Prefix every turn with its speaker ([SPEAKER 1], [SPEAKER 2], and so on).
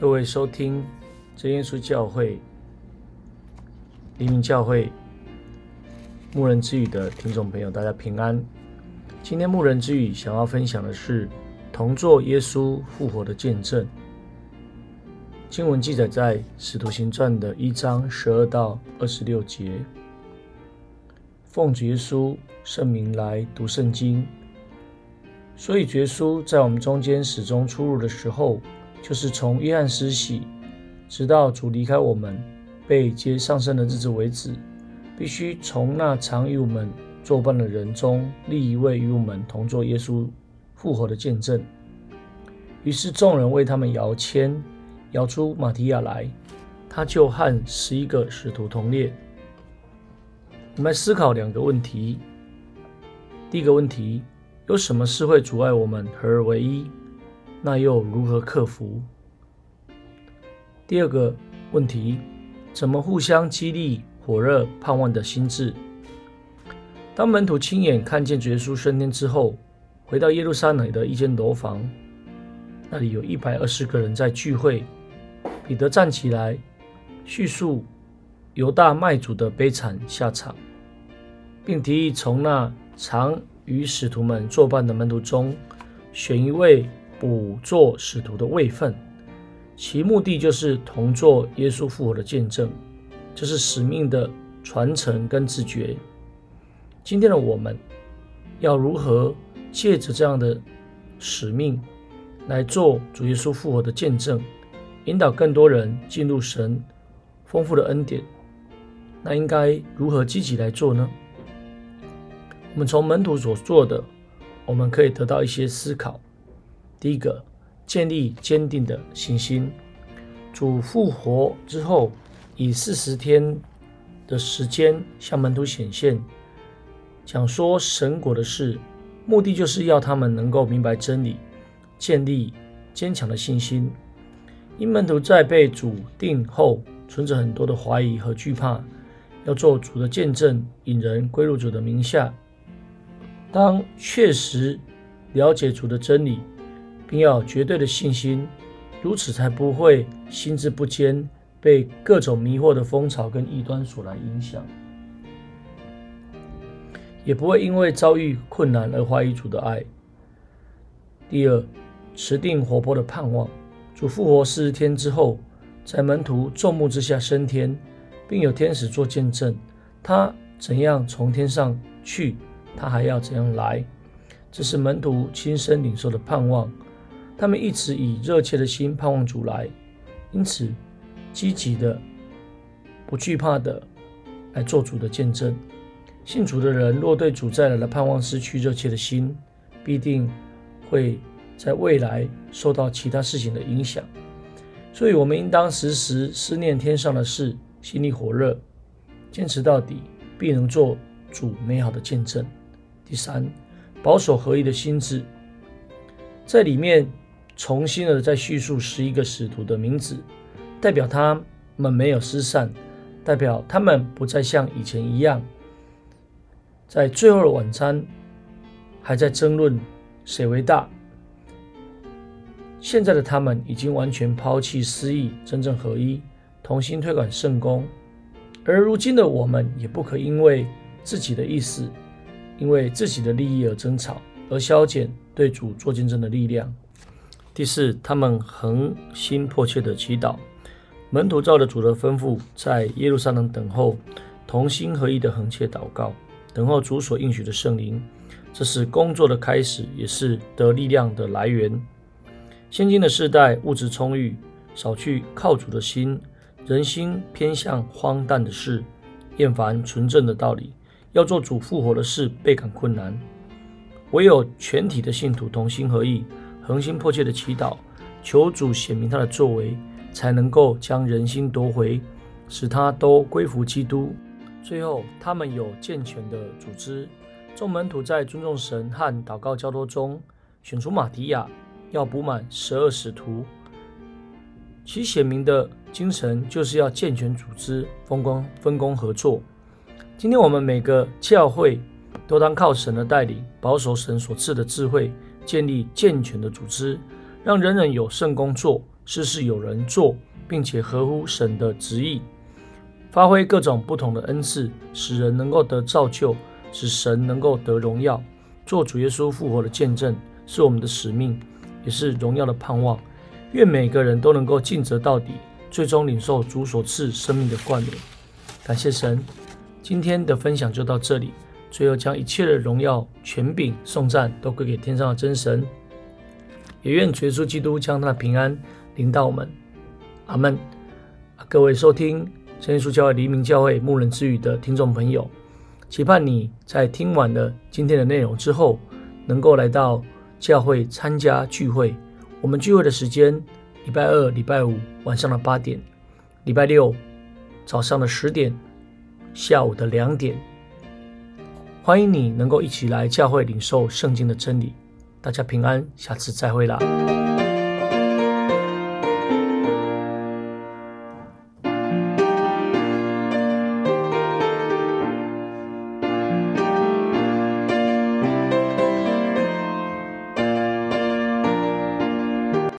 [SPEAKER 1] 各位收聽真耶穌教會、黎明教會牧人之語的聽眾朋友，大家平安。今天牧人之語想要分享的是同作耶穌復活的見證。經文記載在《使徒行傳》的一章十二到二十六節。奉耶穌聖名來讀聖經，所以耶穌在我們中間始終出入的時候。就是從約翰施洗起，直到主離開我們，被接上升的日子為止，必須從那常與我們作伴的人中立一位與我們同作耶穌復活的見證。於是眾人為他們搖籤，搖出馬提亞來，他就和十一個使徒同列。我們來思考兩個問題：第一個問題，有什麼事會阻礙我們合而為一？那又如何克服？第二個問題，怎麼互相激勵火熱盼望的心志？當門徒親眼看見耶穌升天之後，回到耶路撒冷的一間樓房，那裡有一百二十個人在聚會。彼得站起來，敘述猶大賣主的悲慘下場，並提議從那常與使徒們作伴的門徒中選一位。補作使徒的位份，其目的就是同作耶穌復活的見證，這是使命的傳承跟自覺。今天的我們，要如何借着這樣的使命來做主耶穌復活的見證，引導更多人進入神豐富的恩典？那應該如何積極來做呢？我們從門徒所做的，我們可以得到一些思考。第一個，建立堅定的信心。主復活之後，以四十天的時間向門徒顯現，講說神國的事，目的就是要他們能夠明白真理，建立堅強的信心。因門徒在被主定後，存着很多的懷疑和懼怕，要做主的見證，引人歸入主的名下。當確實了解主的真理。並要有絕對的信心，如此才不會心志不堅，被各種迷惑的風潮跟異端所來影響，也不會因為遭遇困難而懷疑主的愛。第二，持定活潑的盼望。主復活四十天之後，在門徒眾目之下升天，並有天使做見證，他怎樣從天上去，他還要怎樣來，這是門徒親身領受的盼望。他們一直以熱切的心盼望主來，因此積極的、不懼怕的來做主的見證。信主的人若對主再來的盼望失去熱切的心，必定會在未來受到其他事情的影響。所以，我們應當時時思念天上的事，心裡火熱，堅持到底，必能做主美好的見證。第三，保守合一的心智在裡面。重新的再敘述十一個使徒的名字，代表他們沒有失散，代表他們不再像以前一樣，在最後的晚餐還在爭論誰為大。現在的他們已經完全拋棄私意，真正合一，同心推廣聖工，而如今的我們也不可因為自己的意思，因為自己的利益而爭吵，而削減對主做見證的力量。第四，他們恆心迫切的祈禱，門徒照着主的吩咐，在耶路撒冷等候，同心合意的恆切禱告，等候主所應許的聖靈。這是工作的開始，也是得力量的來源。現今的世代，物質充裕，少去靠主的心，人心偏向荒誕的事，厭煩純正的道理，要做主復活的事，倍感困難。唯有全體的信徒同心合意。誠心迫切的祈禱，求主顯明他的作為，才能夠將人心奪回，使他都歸服基督。最後，他們有健全的組織，眾門徒在尊重神和禱告交托中，選出馬提亞，要補滿十二使徒。其顯明的精神就是要健全組織，分工分工合作。今天我們每個教會都當靠神的帶領，保守神所賜的智慧，建立健全的組織，讓人人有聖工作，事事有人做，並且合乎神的旨意，發揮各種不同的恩賜，使人能夠得造就，使神能夠得榮耀。做主耶穌復活的見證，是我們的使命，也是榮耀的盼望。願每個人都能夠盡責到底，最終領受主所賜生命的冠冕。感謝神，今天的分享就到這裡。最後，將一切的榮耀、權柄、頌讚都歸給天上的真神，也願耶穌基督將他的平安臨到我們。阿門。各位收聽真耶穌教會黎明教會牧人之語的聽眾朋友，期盼你在聽完了今天的內容之後，能夠來到教會參加聚會。我們聚會的時間：禮拜二、禮拜五晚上的八點，禮拜六早上的十點，下午的兩點。歡迎你能夠一起來教會領受聖經的真理，大家平安，下次再會啦。